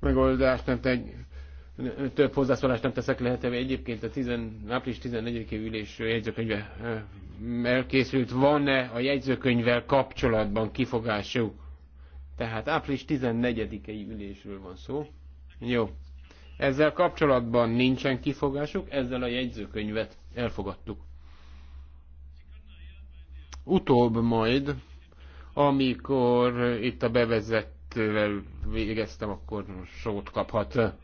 megoldást nem tegy, több hozzászólást nem teszek lehetővé. Egyébként a 10, április 14-i ülés jegyzőkönyve elkészült. Van-e a jegyzőkönyvvel kapcsolatban kifogásuk? Tehát április 14-i ülésről van szó. Jó. Ezzel kapcsolatban nincsen kifogásuk, ezzel a jegyzőkönyvet elfogadtuk. Utóbb majd, amikor itt a bevezet kettővel végeztem, akkor sót kaphat.